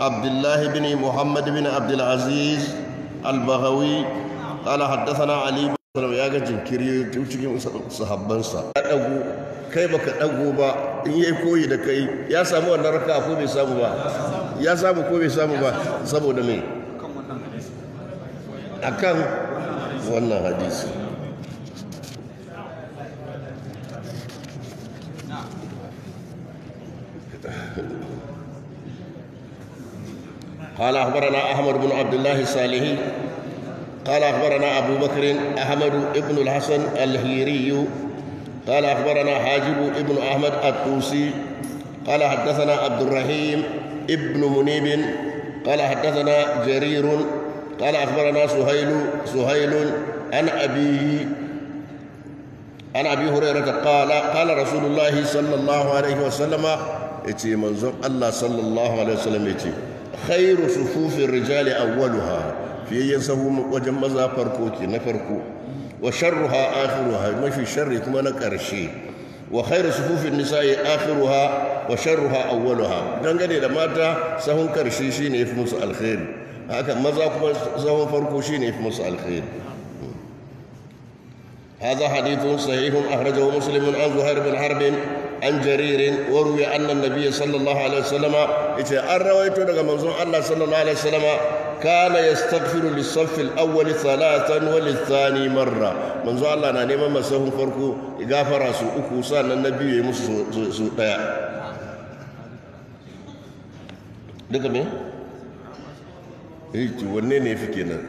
عبد الله بن محمد بن عبد العزيز البغوي قال حدثنا علي بن يا جنكري cikin sahabbansa ya dago kai baka dago ba in yayi koyi da kai ya samu wannan raka ko bai samu ba ya samu ko bai samu ba saboda me akan wannan hadisi قال أخبرنا أحمد بن عبد الله الصالحي قال أخبرنا أبو بكر أحمد بن الحسن الهيري قال أخبرنا حاجب بن أحمد الطوسي قال حدثنا عبد الرحيم ابن منيب قال حدثنا جرير قال أخبرنا سهيل سهيل عن أبيه عن أبي هريرة قال قال رسول الله صلى الله عليه وسلم إتي منزل الله صلى الله عليه وسلم إتي خير صفوف الرجال أولها في يسه وجم زافر كوتي نفر وشرها آخرها ما في شر كما نكرشي وخير صفوف النساء آخرها وشرها أولها دنجري لما تا سهون في يفمس الخير هكا مزاق سهون فركوشين يفمس الخير هذا حديث صحيح أخرجه مسلم عن زهير بن حرب an jaririn waruwa annan nabiya sallallahu alaihi wasallama yace an rawaito daga manzon Allah sallallahu alaihi wasallama kana yastaghfiru lis-saff al-awwal thalathan wa lis-thani marra manzon Allah na neman masahun farko gafara su uku sannan nabi ya musu su daya duka me eh wanne ne fi kenan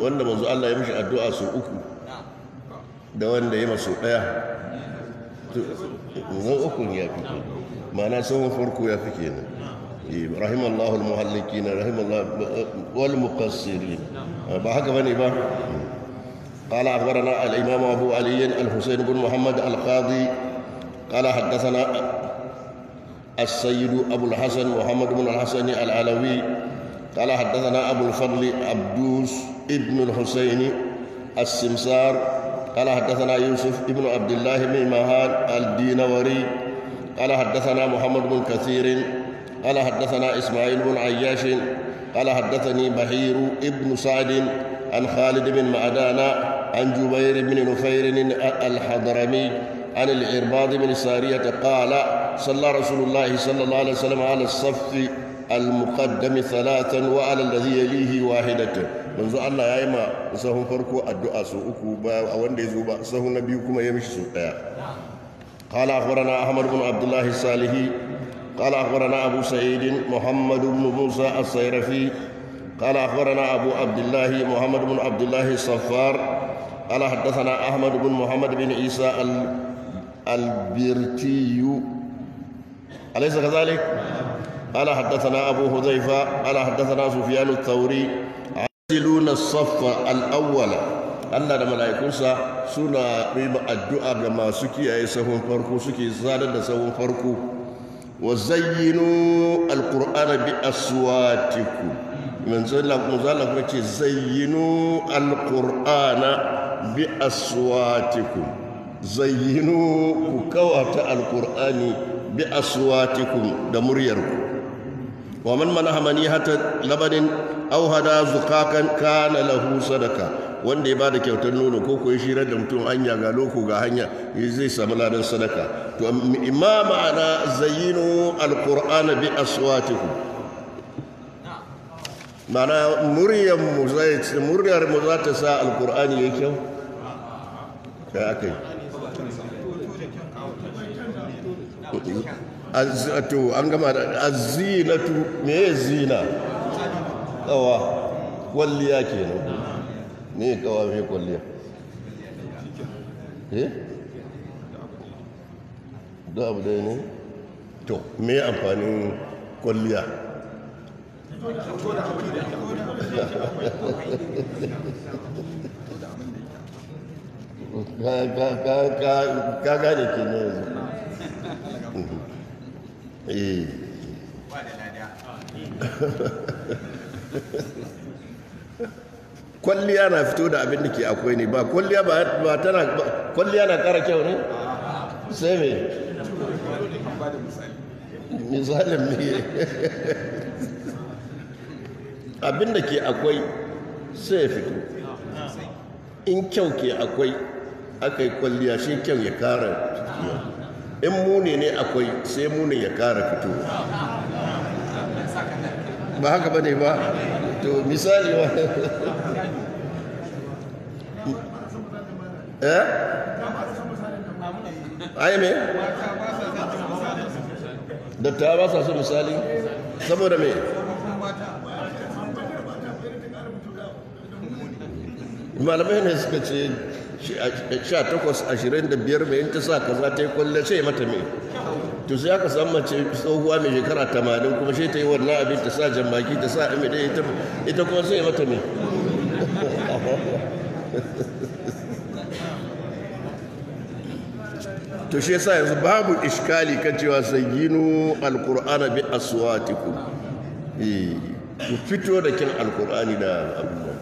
wanda manzon Allah ya mishi addu'a su uku da wanda ya masu daya ومؤكم يا فيكي ما سوى فركو يا فيكينا إيه، رحم الله المهلكين رحم الله والمقصرين بحق بني با قال أخبرنا الإمام أبو علي الحسين بن محمد القاضي قال حدثنا السيد أبو الحسن محمد بن الحسن العلوي قال حدثنا أبو الفضل عبدوس ابن الحسين السمسار قال حدثنا يوسف ابن عبد الله بن الدين الدينوري قال حدثنا محمد بن كثير قال حدثنا إسماعيل بن عياش قال حدثني بهير ابن سعد عن خالد بن معدان عن جبير بن نفير الحضرمي عن العرباض بن سارية قال صلى رسول الله صلى الله عليه وسلم على الصف المقدم ثلاثا وعلى الذي يليه واحدة manzo Allah ya yi ma sahun farko addu'a su uku bayan a wanda ya zo ba sahun na biyu kuma ya mishi su daya qala akhbarana ahmad ibn abdullah salih qala akhbarana abu sa'id muhammad ibn musa as-sayrafi qala akhbarana abu abdullah muhammad ibn abdullah safar qala hadathana ahmad ibn muhammad ibn isa al البرتي أليس كذلك؟ قال حدثنا أبو هذيفة قال حدثنا سفيان الثوري يصلون الصف الأول Allah da mala'ikunsa suna yi addu'a ga masu kiyaye sahun farko suke zalar da sahun farko wa zayyinu alqur'ana bi aswatikum manzo Allah kuma zalla kuma ce zayyinu alqur'ana bi aswatikum zayyinu ku kawata alqur'ani bi aswatikum da muryarku wa man aw hada zuqaqan kana lahu sadaka wanda ya bada kyautar nono ko ko shirar da mutum anya ga loko ga hanya eh, zai samu ladan sadaka to imma ma'ana zayyinu alqur'ana bi aswatikum mana muryar mu zai muryar mu za ta sa alqur'ani yayi kyau kai akai to an gama da azinatu me zina kawa kwalliya ke nan ne kawa mai kwalliya eh da abu dai ne to me amfanin kwalliya ka gane ke ne yanzu eh kwalliya na fito da abin da ke akwai ne ba kwalliya ba tana kwalliya na kara kyau ne sai mai misalin mai abin da ke akwai sai ya fito in kyau ke akwai aka yi kwalliya shi kyau ya kara in mune ne akwai sai mune ya kara fito ba haka bane ba to misali wa eh ai me da ta ba sa so misali saboda me malamai ne suka ce 18 25 mai yin ta sa ka za ta yi kwallace mata mai to sai aka samu mace tsohuwa mai shekara tamanin kuma shi ta yi wannan abin ta sa jan baki ta sa imi da ita kuma sai mata me to shi yasa yanzu babu iskali kan cewa sayyinu alqur'ana bi aswatikum eh ku fito da kin alqur'ani da abubuwa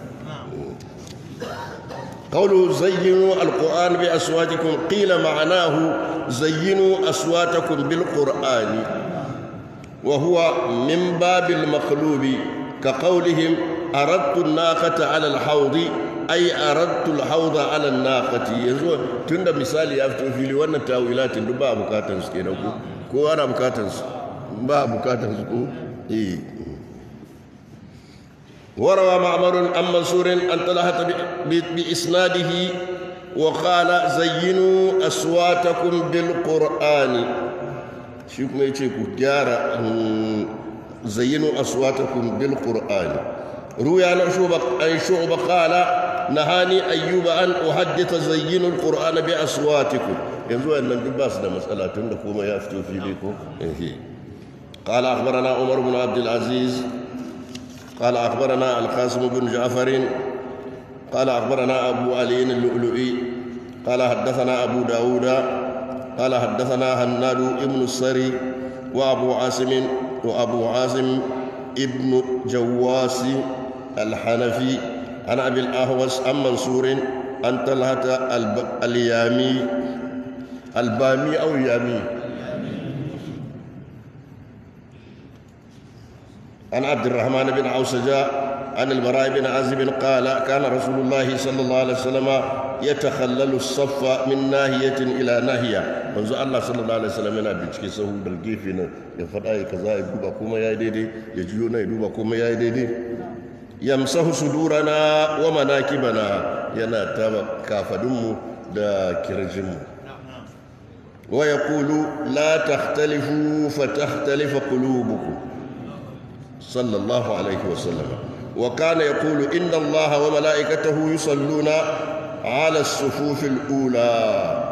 قوله زينوا القرآن بأصواتكم قيل معناه زينوا أصواتكم بالقرآن وهو من باب المقلوب كقولهم أردت الناقة على الحوض أي أردت الحوض على الناقة يزور تند مثال يفتو في لون التاويلات تاويلات دبا بكاتنس كينا كو أنا بكاتنس با بكاتنس كو إيه وروى معمر عن منصور أن طلحة بإسناده وقال زينوا أصواتكم بالقرآن شو كما يتشيكو جارة زينوا أصواتكم بالقرآن روي عن شعبة عن شعبة قال نهاني أيوب أن أحدث زين القرآن بأصواتكم ينزو أن الباس ده مسألة تندكم يفتو في ليكم قال أخبرنا عمر بن عبد العزيز قال أخبرنا القاسم بن جعفر قال أخبرنا أبو علي اللؤلؤي قال حدثنا أبو داود قال حدثنا هناد ابن السري وأبو عاصم وأبو عاصم ابن جواس الحنفي عن أبي الأهوس عن منصور عن طلحة اليامي البامي أو اليامي عن عبد الرحمن بن عوسجاء عن البراء بن عازب قال كان رسول الله صلى الله عليه وسلم يتخلل الصف من ناهية إلى ناهية منذ الله صلى الله عليه وسلم ينا بيشكي سهو بالجيفين يفرأي كذا يدوبا كوما يايديدي يجيونا يدوبا كوما يايديدي yamsahu sudurana wa manakibana yana taba kafadunmu da kirjinmu wa yaqulu la tahtalifu fa tahtalifa qulubukum صلى الله عليه وسلم وكان يقول إن الله وملائكته يصلون على الصفوف الأولى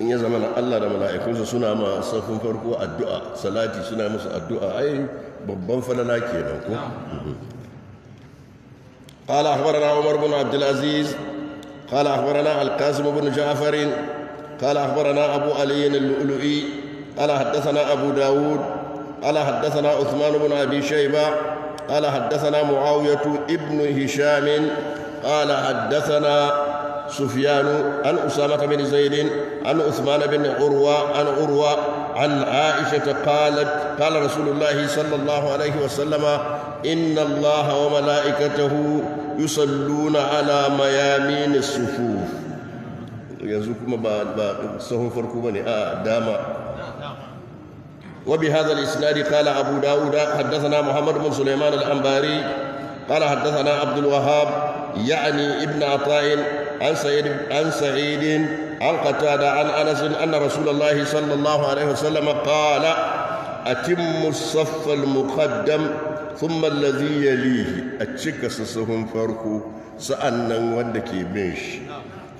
in ya zama Allah da mala'ikunsa suna ma safin farko addu'a salati suna musu addu'a ai babban falala kenan ko قال أخبرنا عمر بن عبد العزيز قال أخبرنا القاسم بن جعفر قال أخبرنا أبو علي اللؤلؤي قال حدثنا أبو داود قال حدثنا عثمان بن أبي شيبة قال حدثنا معاوية ابن هشام قال حدثنا سفيان عن أسامة بن زيد عن عثمان بن عروة عن عروة عن عائشة قالت قال رسول الله صلى الله عليه وسلم إن الله وملائكته يصلون على ميامين الصفوف yanzu kuma ba sahun farko ba ne a dama وبهذا الإسناد قال أبو داود حدثنا محمد بن سليمان الأنباري قال حدثنا عبد الوهاب يعني ابن عطاء عن سعيد عن سعيد عن قتادة عن أنس أن رسول الله صلى الله عليه وسلم قال أتم الصف المقدم ثم الذي يليه أتشكس سهم فرقو سأنا ودكي بيش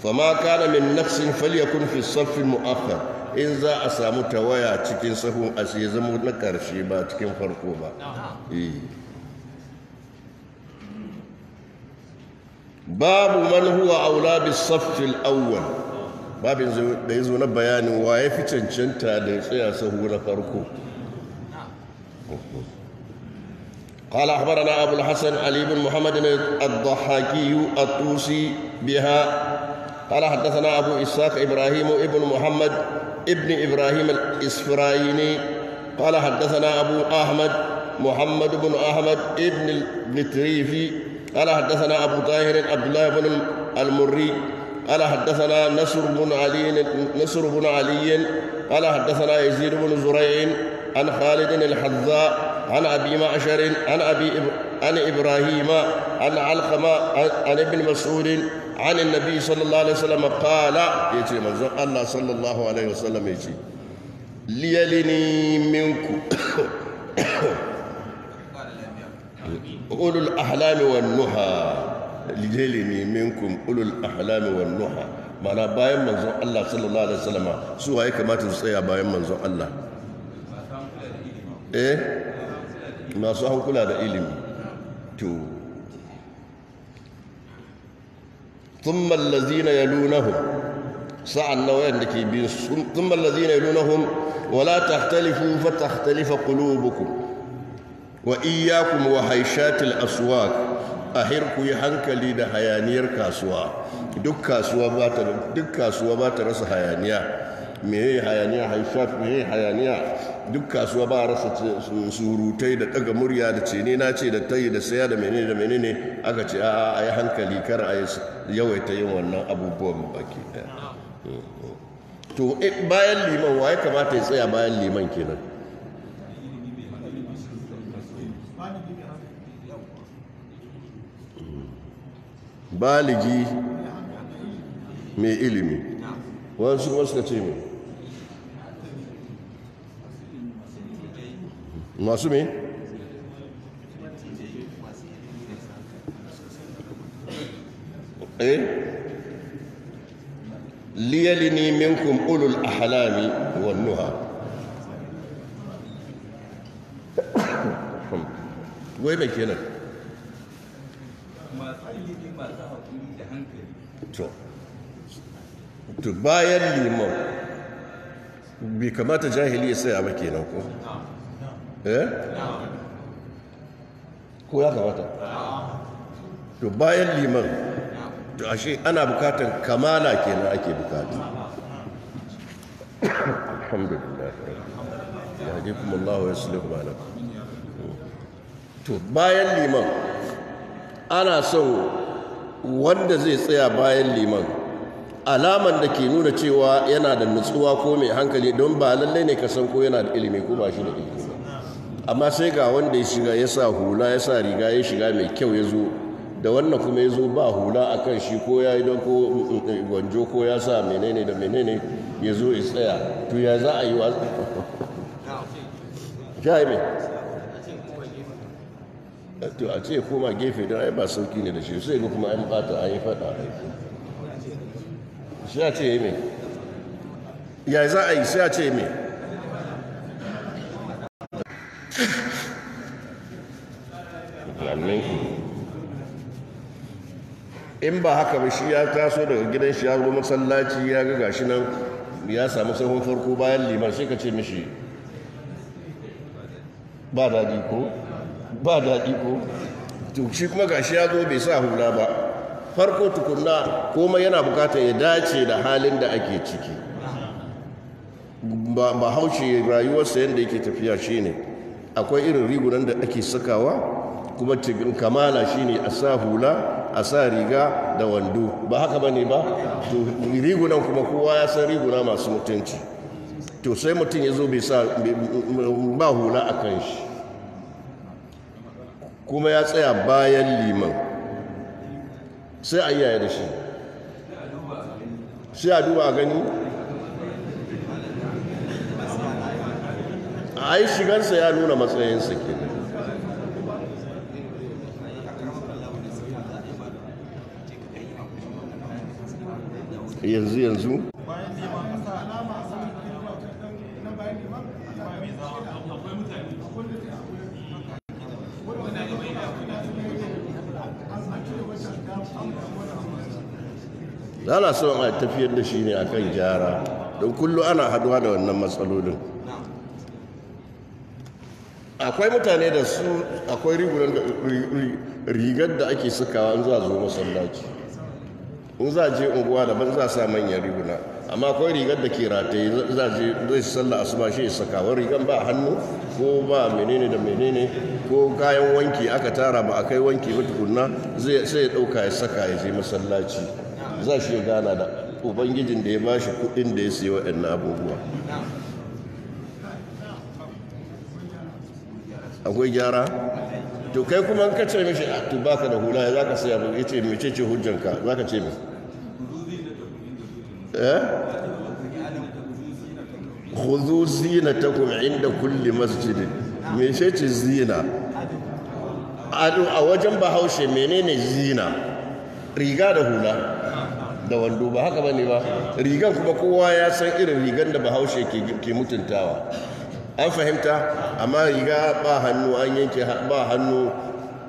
فما كان من نفس فليكن في الصف المؤخر in za a samu tawaya cikin sahun asiri zama na ƙarshe ba cikin farko ba eh. babu man a aula bis safil awwal babin da ya zo na bayanin ya fi cancanta da tsaya sahu na farko قال أخبرنا أبو الحسن علي بن محمد الضحاكي الطوسي بها قال حدثنا أبو إسحاق إبراهيم ابن محمد ابن إبراهيم الإسفرايني قال حدثنا أبو أحمد محمد بن أحمد ابن التريفي قال حدثنا أبو طاهر عبد الله بن المري قال حدثنا نصر بن علي نصر بن علي قال حدثنا يزيد بن زريع عن خالد الحذاء عن أبي معشر عن أبي عن إبراهيم عن علقمة عن ابن مسعود عن النبي صلى الله عليه وسلم قال يتي منزون الله صلى الله عليه وسلم يتي ليلني منكم أولو الأحلام والنهى ليلني منكم أولو الأحلام والنهى mana bayan manzon Allah sallallahu alaihi wasallama su waye kamata su tsaya bayan manzon Allah eh masu hankula da ilimi to ثم الذين يلونهم سعى وين لكي بينسهم ثم الذين يلونهم ولا تختلفوا فتختلف قلوبكم وإياكم وحيشات الأسواق أهركوا يحنك ليد هيانير كاسوا دك كاسوا بات دك كاسوا بات رس meye hayaniya haifaf meye hayaniya duk kasuwa ba rasa surutai da daga murya da ce ne na ce da tayi da saya da menene da menene aka ce a a yi hankali kar a yi yawaita yin wannan abubuwan baki daya to eh, bayan liman wa ya kamata ya tsaya bayan liman kenan baligi mai ilimi wasu wasu ka ce mai masu me eh liyalini minkum ulul ahlami wan nuha wai mai kenan to to bayan liman bai kamata jahili ya tsaya ba kenan ko eh ko ya kamata to bayan liman to ashe ana bukatar kamala kenan ake bukata alhamdulillah ya ji kuma Allah ya sulhu malakum to bayan liman ana son wanda zai tsaya bayan liman alaman da ke nuna cewa yana da nutsuwa ko mai hankali don ba lallai ne ka san ko yana da ilimi ko ba shi da ilimi amma sai ga wanda ya shiga ya sa hula ya sa riga ya shiga mai kyau ya zo da wannan kuma ya zo ba hula a kan shi ko ya yi don ko mm, mm, mm, gwanjo ko ya sa menene da menene ya zo ya tsaya to ya za a yi wa jami to a ce koma gefe don ai ba sauki ne da shi sai ga kuma an bata an yi fada a yi shi ya ce yi mai ya za a yi shi a ce mai amin in ba haka ba shi ya taso daga gidan shi ya zo masallaci ya ga gashi nan ya samu sahun farko bayan liman sai ka ce mishi ba daɗi ko ba daɗi ko to kuma gashi ya zo bai sa hula ba farko tukunna komai yana bukata ya dace da halin da ake ciki ba haushe rayuwarsa yadda yake tafiya shi ne. akwai irin rigunan da ake sakawa kuma cikin kamala shine a sa hula a sa riga da wando ba haka ba ne ba to rigunan kuma kowa ya san riguna masu mutunci to sai mutum ya zo bai sa ba hula a kan shi kuma ya tsaya bayan liman sai a yaya da shi sai a duba gani a yi shigarsa ya nuna matsayin sakin yanzu yanzu ana son a tafiyar da shi ne a kan gyara don kullu ana haduwa da wannan matsalolin akwai mutane da su akwai rigar da ake sukawa an zuwa zo masallaci in za je unguwa daban za sa manyan riguna amma akwai rigar da ke rataye za je zai sallah asuba shi saka wani rigar ba hannu ko ba menene da menene ko kayan wanki aka tara ba a kai wanki ba tukunna sai ya dauka ya saka ya je masallaci za shi ya gana da ubangijin da ya bashi kudin da ya sayi waɗannan abubuwa akwai gyara to kai kuma ka ce mishi a ah, to baka da hula za ka saya ya ce mece ce hujjanka za ka ce eh? hudu zina ta kuma inda kulli masjidin mai ce zina a wajen bahaushe menene zina riga da hula da wando ba haka bane ba rigan kuma kowa ya san irin rigan da bahaushe ke mutuntawa an fahimta amma riga ba hannu an yanke ba hannu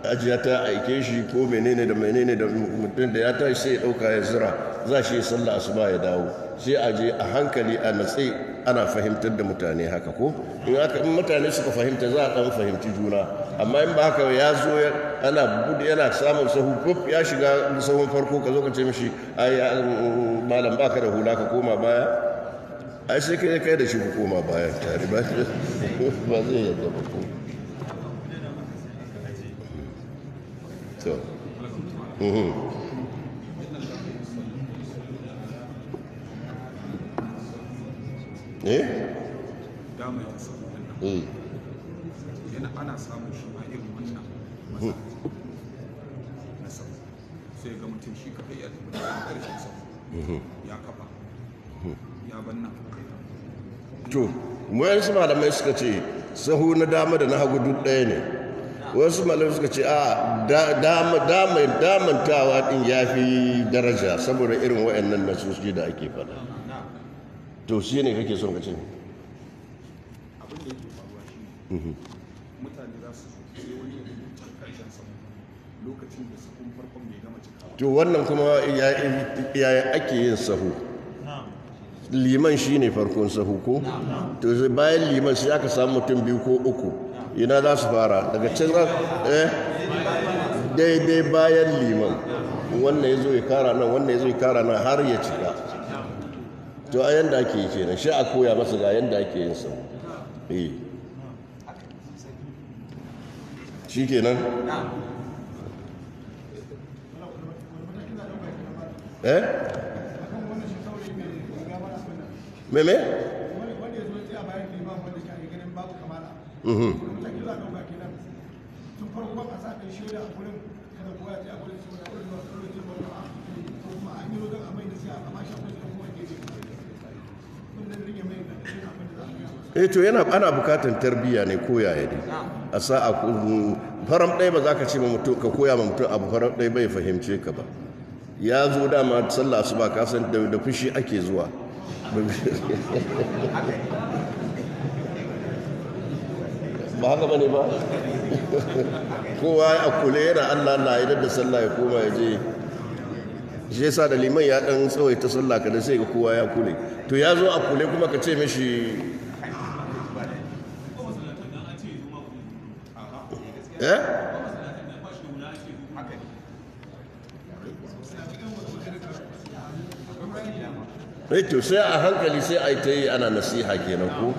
ajiya ta aike shi ko menene da menene da mutum da ya tashi sai ya dauka ya zira za shi sallah asuba ya dawo sai a je a hankali a natse ana fahimtar da mutane haka ko in aka in mutane suka fahimta za a dan fahimci juna amma in ba haka ya zo ana bude yana samun sahu kuf ya shiga sahun farko ka zo ka ce mishi ai mm, mm, malam baka da hula ka koma baya ai sai kai kai da shi ku koma bayan tare ba ba zai yadda ba ko to mhm eh da mai samu eh yana ana samun shi a irin wannan mm. na sai ga mutum shi kaɗai ya tafi da ƙarshen sau mm-hmm. ya kafa mm-hmm. ya banna to wayansu malamai suka ce sahu na dama da na hagu duk ɗaya ne wasu malamai suka ce a damantawa ɗin ya fi daraja saboda irin wayannan nasoshi da ake faɗa to shi ne kake son ka ce to wannan kuma ya ake yin sahu liman shine farkon sahu ko to zai bayan liman sai aka samu mutum biyu ko uku ina za su fara daga can eh daidai bayan liman wannan ya zo ya kara nan wannan ya zo ya kara nan har ya cika to a yanda ake yi kenan shi a koya masa ga yanda ake yin sa eh shi kenan eh meme mm-hmm. eh to yana ana bukatan tarbiyya ne ya ne a sa'a faram ɗaya ba za ka ce ka koya ma mutum abu faram ɗaya bai fahimce ka ba ya zo dama sallah su ba kasan da fushi ake zuwa ba haka bane ba kowa a kula yana Allah na idan da sallah ya koma ya je shi yasa da liman ya dan ta sallah ka da sai ga kowa ya kule to ya zo a kule kuma ka ce mishi eh Eh to sai a hankali sai a yi ta yi ana nasiha kenan ko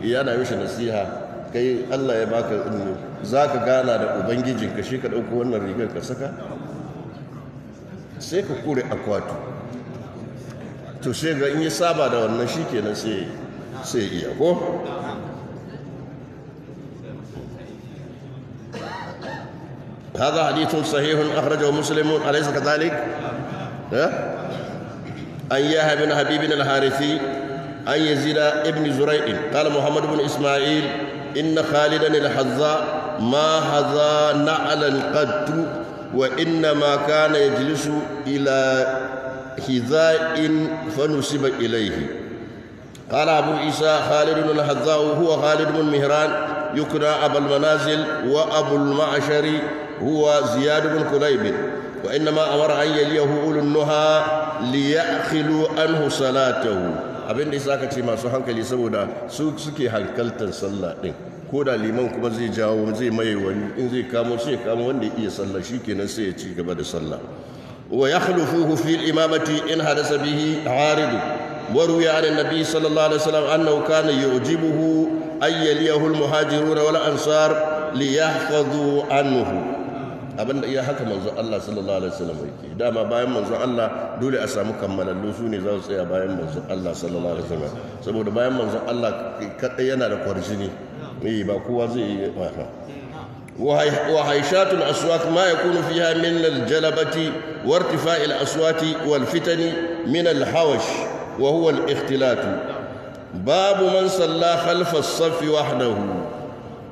yana eh, mishi nasiha kai Allah ya baka ilmi za ka gana da ubangijin ka shi ka ɗauko wannan rigar ka saka sai ka kure akwatu to sai ga in yi saba da wannan shi kenan sai sai iya ko هذا حديث صحيح أخرجه مسلم أليس كذلك؟ ها؟ أن يحيى بن حبيب الحارثي أن يزيد بن زريع قال محمد بن اسماعيل ان خالدا الحذاء ما حذا نعلا قد وانما كان يجلس الى حذاء فنسب اليه قال أبو عيسى خالد بن الحذاء هو خالد بن مهران يكنى أبا المنازل وأبو المعشر هو زياد بن كليب وإنما أمر أن يليه أولو النهى liyakhilu anhu salatahu abin da yasa ka ce masu hankali saboda su suke hankaltar sallah din ko da liman kuma zai jawo zai maye wani in zai kamo sai kamo wanda ya iya sallah shikenan sai ya ci gaba da sallah wa yakhlufuhu fi al-imamati in hadasa bihi aridu وروي عن النبي صلى الله عليه وسلم أنه كان يعجبه أن يليه المهاجرون Ansar ليحفظوا Anhu. abin da iya haka manzon Allah sallallahu alaihi wasallam yake dama bayan manzon Allah dole a samu kammalallu su ne za su tsaya bayan manzon Allah sallallahu alaihi wasallam saboda bayan manzon Allah kadai yana da kwarjini eh ba kowa zai yi haka وهيشات الأصوات ما يكون فيها من الجلبة وارتفاع الأصوات والفتن من الحوش وهو babu باب من صلى خلف الصف وحده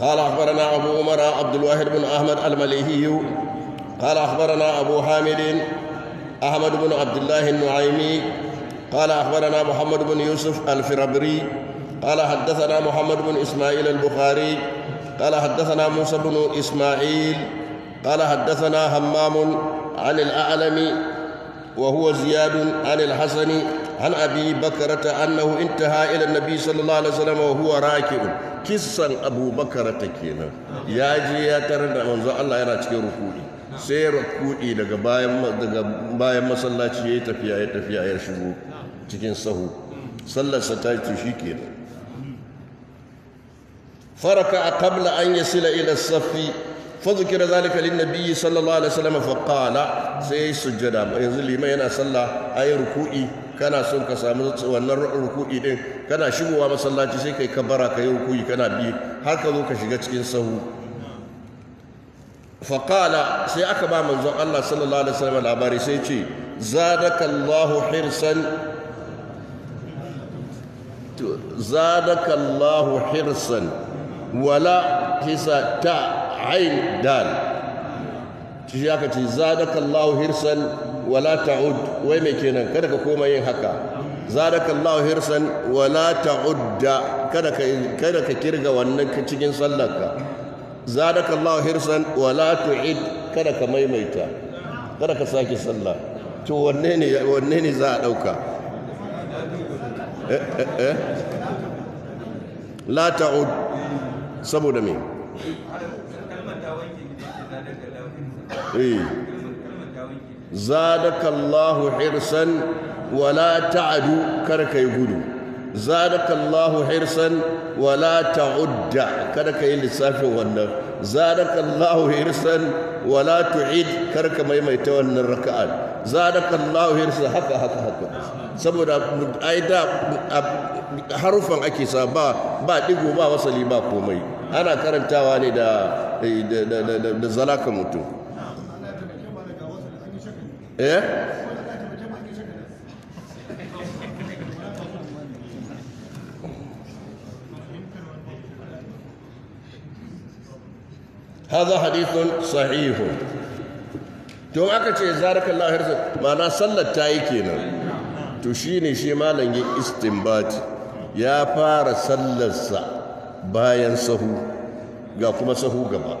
قال أخبرنا أبو عمر عبد الواحد بن أحمد المليهي قال أخبرنا أبو حامد أحمد بن عبد الله النعيمي قال أخبرنا محمد بن يوسف الفربري قال حدثنا محمد بن إسماعيل البخاري قال حدثنا موسى بن إسماعيل قال حدثنا همام عن الأعلم وهو زياد عن الحسن an abi bakarata annahu intaha ila nabi sallallahu alaihi wasallam wa huwa raki'un kissan abubakarata kenan ya je ya tare da manzo Allah yana cikin rukudi sai rukudi daga bayan masallaci yayi tafiya ya tafiya ya shigo cikin sahu sallar sa ta ci shikenan faraka kabla an yasila ila safi فذكر ذلك للنبي صلى الله عليه وسلم فقال سي سجدا ينزل لما ينا صلى أي ركوعي kana son ka samu wannan ruku'i din kana shigowa masallaci sai kai kabara kai ruku'i kana bi har ka zo ka shiga cikin sahu faqala sai aka ba manzon Allah sallallahu alaihi wasallam labari sai ce zadakallahu hirsan zadakallahu hirsan wala hisa ta ayin dal zadaka hirsan wala ta'ud wai kenan kada ka koma yin haka zadaka hirsan wala kada ka kada ka kirga wannan cikin zadaka hirsan wala tu'id kada ka maimaita kada ka ne za a dauka eh, eh, eh. la ta'ud saboda me zadakallahu hirsan wala ta'adu kar kai gudu zadakallahu hirsan wala ta'udda kada kai lissafin wannan zadakallahu hirsan wala tu'id kar ka maimaita wannan raka'at zadakallahu hirsan haka haka haka saboda aida harufan ake sa ba ba digo ba wasali ba komai ana karantawa ne da da da da zalaka mutum eh هذا حديث صحيح to aka ce zarakallahu hirsa ma'ana sallar ta yi kenan to shine shi malam ya istinbati ya fara sallarsa bayan sahu ga kuma sahu gaba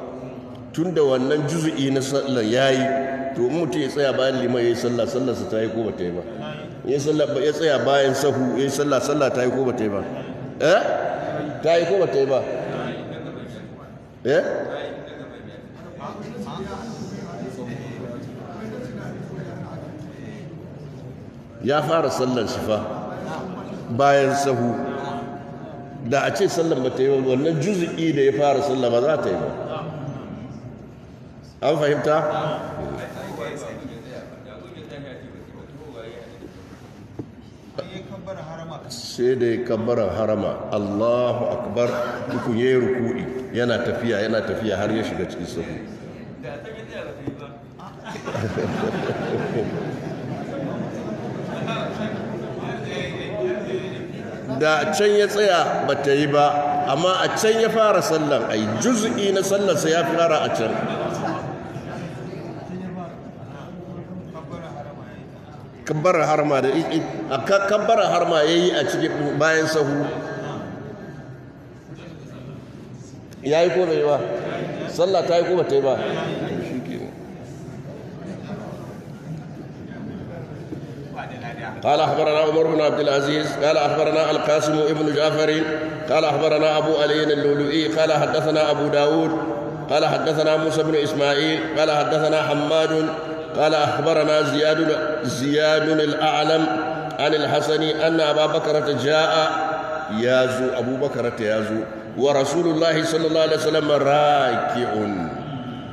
tunda wannan juzu'i na sallar yayi to mutum ya tsaya bayan liman ya yi sallah sallah sa ta yi ko ba ta yi ba ya sallah ya tsaya bayan sahu ya yi sallah sallah ta yi ko ba ta yi ba eh ta yi ko ba ta yi ba eh ya fara sallar shi fa bayan sahu da a ce sallar ba ta yi ba wannan juzu'i da ya fara sallar ba za ta yi ba an fahimta sai da ya kabbarar harama allahu akbar dukun ya yi ruku'i yana tafiya yana tafiya har ya shiga cikin sahu da can ya tsaya ba ta yi ba amma a can ya fara sallan ai juz'i na sallarsa ya fara a can kabbara harma da a kabbara harma ya yi a cikin bayan sahu ya yi ko bai ba sallah ta yi ko ba ta yi ba قال اخبرنا عمر بن عبد العزيز قال اخبرنا القاسم ابن جعفر قال اخبرنا ابو علي اللؤلؤي قال حدثنا ابو داود قال حدثنا موسى بن اسماعيل قال حدثنا حماد قال أخبرنا زياد زياد الأعلم عن الحسن أن أبا بكرة جاء يازو أبو بكرة يازو ورسول الله صلى الله عليه وسلم راكع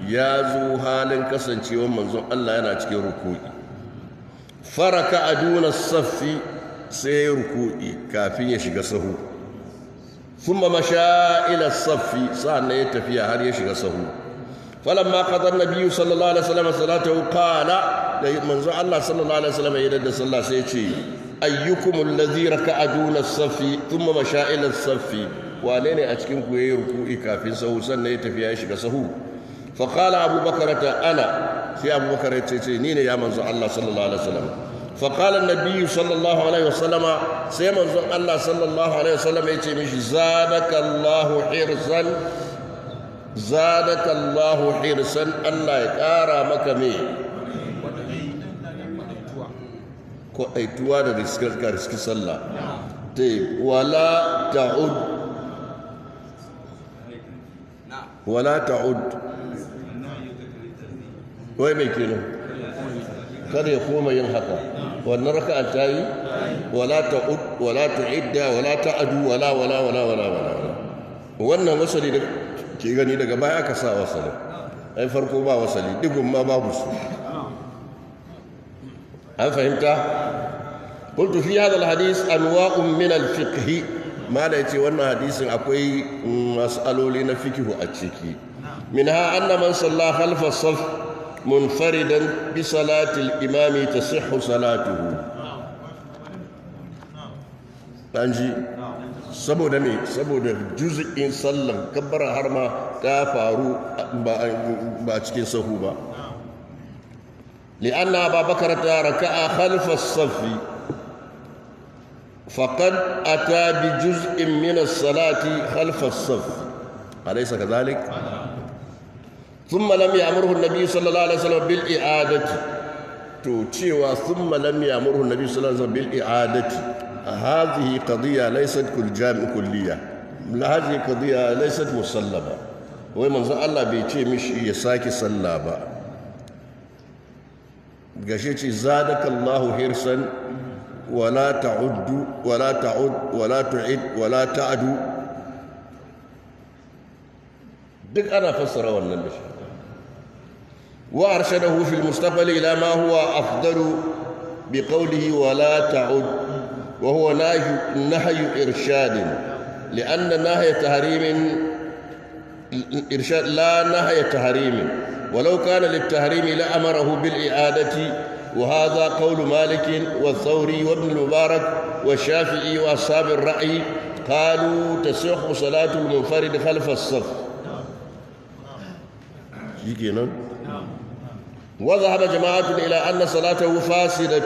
يازو حال كسنتي ومنزون الله أنا أتكي ركوعي فركع دون الصف sai ruku'i kafin ya shiga sahu thumma masha ila saffi sa'an ya tafiya har ya shiga sahu فلما قضى النبي صلى الله عليه وسلم صلاته قال من زعل الله صلى الله عليه وسلم يدد صلى الله عليه أيكم الذي ركع دون الصف ثم مشى إلى الصف wane ne a cikin ku yayi ruku'i kafin sahu sannan ya tafi ya shiga sahu fa qala abu bakar ta ana sai abu ya ce ni ne ya manzo Allah sallallahu alaihi wasallam fa qala annabi sallallahu alaihi wasallama sai manzo Allah sallallahu alaihi wasallam ya ce zadaka Allahu hirsan Allah ya ƙara maka me Ko kwaɗaituwa da riskar riski sallah ta wala ta'ud wala ta'ud wai mai kenan kada ya koma yin haka wannan raka'a ta yi wala ta'ud wala ta'idda wala ta'adu wala wala wala wala wala wannan wasali da ki gani daga baya aka sa wasali ai farko ba wasali digun ma babu su an fahimta qultu fi hada alhadith anwa'un min alfiqh mala yace wannan hadisin akwai mm, mas'aloli na fikihu a ciki minha anna man salla khalfa saf munfaridan bi salati al-imami tasihhu salatuhu ɗanji saboda me saboda juz'in sallan kabbara har ma ta faru ba cikin sahu ba لأن أبا بكر ركع خلف الصف فقد أتى بجزء من الصلاة خلف الصف أليس كذلك؟ ثم لم يأمره النبي صلى الله عليه وسلم بالإعادة تشيوى ثم لم يأمره النبي صلى الله عليه وسلم بالإعادة هذه قضية ليست كل جامع كلية هذه قضية ليست مسلمة ومن الله بيتي مش يساكي سلابا قشيتي زادك الله حرصا ولا تعد ولا تعد ولا تعد ولا تعد دك أنا فسر ولا مش وأرشده في المستقبل إلى ما هو أفضل بقوله ولا تعد وهو نهي إرشاد لأن نهي تحريم إرشاد لا نهي تحريم ولو كان للتحريم لأمره بالإعادة وهذا قول مالك والثوري وابن المبارك والشافعي وأصحاب الرأي قالوا تصح صلاة المنفرد خلف الصف نعم. وذهب جماعة إلى أن صلاته فاسدة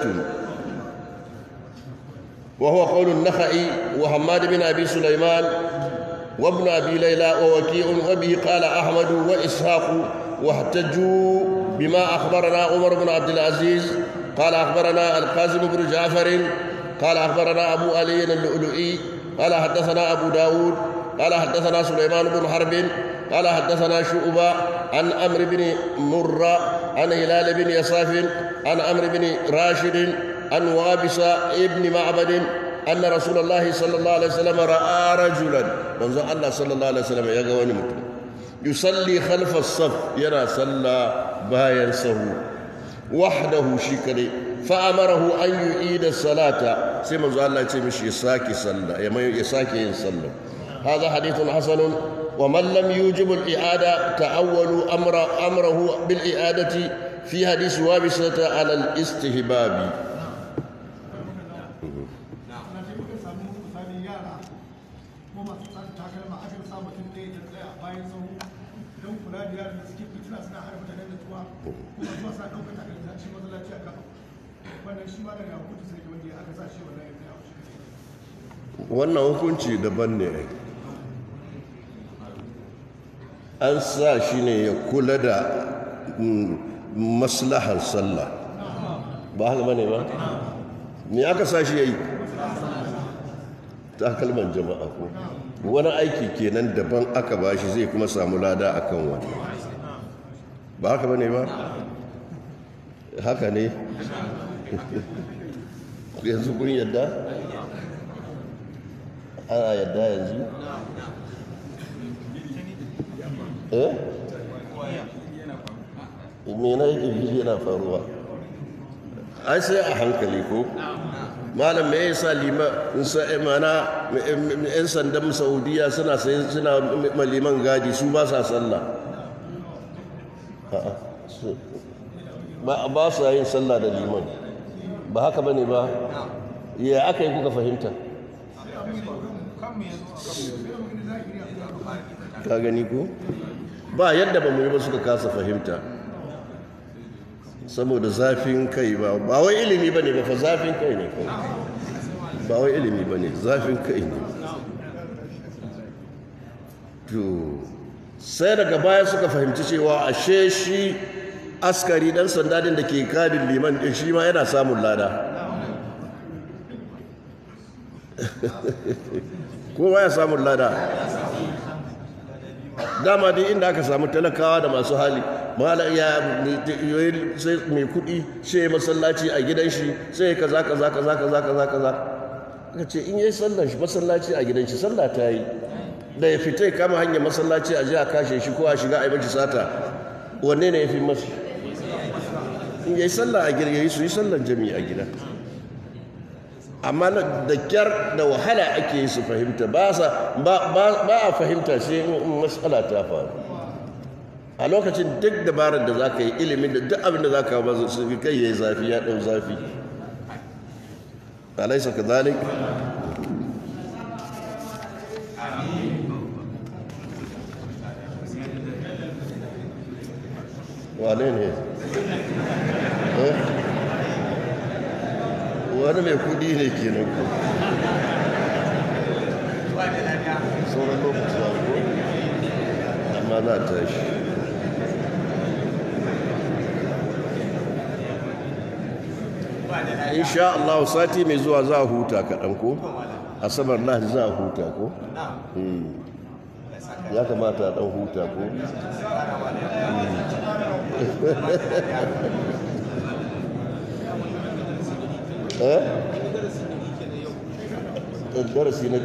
وهو قول النخعي وحماد بن أبي سليمان وابن أبي ليلى ووكيع وبه قال أحمد وإسحاق واحتجوا بما أخبرنا عمر بن عبد العزيز قال أخبرنا القاسم بن جعفر قال أخبرنا أبو علي اللؤلؤي قال حدثنا أبو داود قال حدثنا سليمان بن حرب قال حدثنا شعبة عن أمر بن مرة عن هلال بن يصاف عن أمر بن راشد عن وابس ابن معبد أن رسول الله صلى الله عليه وسلم رأى رجلا منذ الله صلى الله عليه وسلم يقوى نمتنا يصلي خلف الصف يرى صلى بايا سهو وحده شكري فأمره أن يعيد الصلاة سيما الله يتمش يساكي صلى يساكي صلى هذا حديث حسن ومن لم يوجب الإعادة تأول أمر أمره بالإعادة في حديث وابسة على الاستهباب wannan hukunci daban ne an sa shi ne ya kula da mm, maslahar sallah ba haka bane ba me aka sa shi ya yi takalman jama'a ko wani aiki kenan daban aka ba shi zai kuma samu lada a kan wani ba haka bane ba haka ne yanzu kun yadda ana yadda yanzu eh me na yake fili yana faruwa ai sai a hankali ko malam me yasa liman eh, mana yan sandan saudiya suna sai suna maliman gadi su ba sa sallah ba ba su yin sallah da liman ba haka bane ba ya aka yi kuka fahimta ka gani ku? ba yadda ba mu yi ba suka kasa fahimta saboda zafin kai ba ba wai ilimi bane ba fa zafin kai ne ba wai ilimi bane zafin kai ne to sai daga baya suka fahimci cewa ashe shi askari dan sanda din da ke kabin liman din shi ma yana samun lada kowa ya samun lada dama din inda aka samu talakawa da masu hali malam ya sai mai kudi sai masallaci a gidan shi sai kaza kaza kaza kaza kaza kaza ka ce in yi sallan shi masallaci a gidan shi sallah ta yi da ya fita kama hanyar masallaci a ji a kashe shi ko a shiga a sata wanne ne ya fi masu in yi sallah a gida yayi su yi sallar jami'i a gida amma da kyar da wahala ake yi su fahimta ba a fahimta sai matsala ta faru a lokacin duk dabarar da za ka yi ilimin da duk abin da za ka ba su fi kai ya yi zafi ya ɗau zafi alaisa ka zalik wane ne Eh? wani mai kudi ne ke nan ku sauran lokaci da ku amma na tashi sha Allah sati mai zuwa za a huta kaɗan ko samar na za a huta ko hmm. ya kamata a ɗan huta ko hmm. eh darasi na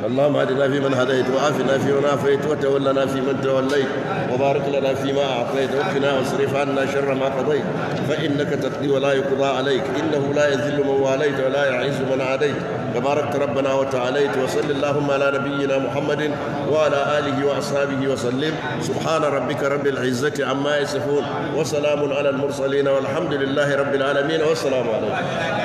اللهم اهدنا فيمن هديت وعافنا فيمن عافيت وتولنا فيمن توليت وبارك لنا فيما اعطيت وقنا واصرف عنا شر ما قضيت فانك تقضي ولا يقضى عليك انه لا يذل من واليت ولا يعز من عاديت تباركت ربنا وتعاليت وصل اللهم على نبينا محمد وعلى آله وأصحابه وسلم سبحان ربك رب العزة عما يصفون وسلام على المرسلين والحمد لله رب العالمين والسلام عليكم